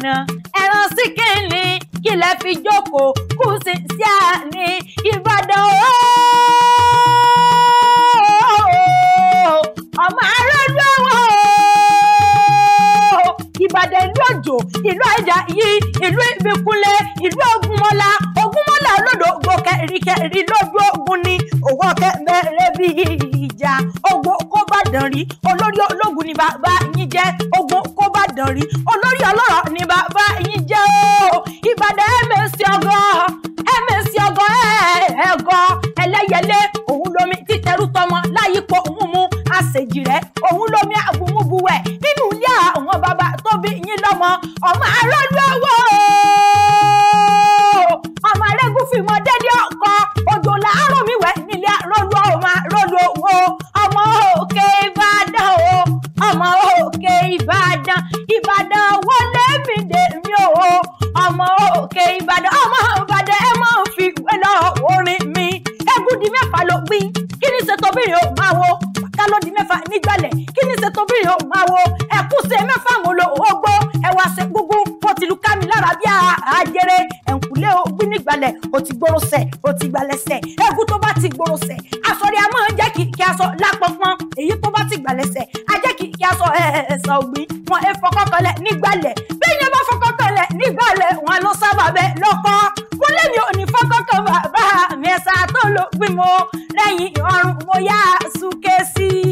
àná ẹran síkìnì kílẹ̀ fi jókòó kù sí sí àní Ìbàdàn ooo ọmọ aráàlú àwọn ooo Ìbàdàn ìlú òjò ìlú Àjàyí ìlú Ìbíkúnlé ìlú Ògúnmọ́lá Ògúnmọ́lá lódò gbòkẹ́ríkẹ́rí lójú ogun ni òwò kẹ́mẹ́rẹ́ bíi ìjà ogun kó bá rí olórí ológun ni bàbá yín jẹ́ ogun nìbàdàn rí olórí ọlọ́rọ̀ ni bàbá yín jẹ́ o ìbàdàn ẹ̀mẹ̀sì ọgọ́ ẹ̀mẹ̀sì ọgọ́ ẹ̀ẹ́gọ́ ẹlẹ́yẹlé òun lomi títẹrú tọmọ láyípo òun mú àṣejì rẹ̀ òun lomi àbùmùbùwẹ̀ nínú ilé àwọn bàbá tóbi yín lọ́mọ ọmọ arọ́lọ́wọ́ o. òkè ìbàdàn ọmọ ìbàdàn ẹ máa ń fi ìwé lọ orin mi ẹgúndí mẹ́fà ló gbìn kí ni ṣètò obìnrin ò máa wo pátá ló di mẹ́fà nígbàlẹ̀ kí ni ṣètò obìnrin ò máa wo ẹ̀kúnṣe mẹ́fà mo lo ògbó ẹwà ṣe gbogbo mo ti lu kámi lára bí àjẹrẹ ẹ̀ǹkùlé ò gbìn nígbàlẹ̀ ò ti gbòròṣẹ̀ ò ti gbàlẹ̀ṣẹ̀ ẹ̀gún tó bá ti gbòròṣẹ̀ àsọ̀rí a máa ń jẹ́ kí kí aṣọ lápọ̀pọ̀n èyí tó bá ti gbàlẹ̀ṣẹ̀ a jẹ́ kí kí aṣọ ẹ̀ẹ̀ṣọ̀ ògbìn wọn ìbàlẹ̀ wọn ló sábà bẹ lọ́kọ́ wọn lèmi ò ní fọ́kọ́kọ́ bàbá mẹ́sà tó ló gbìmọ̀ lẹ́yìn ọrùn mo yá súnkẹ́ sí i.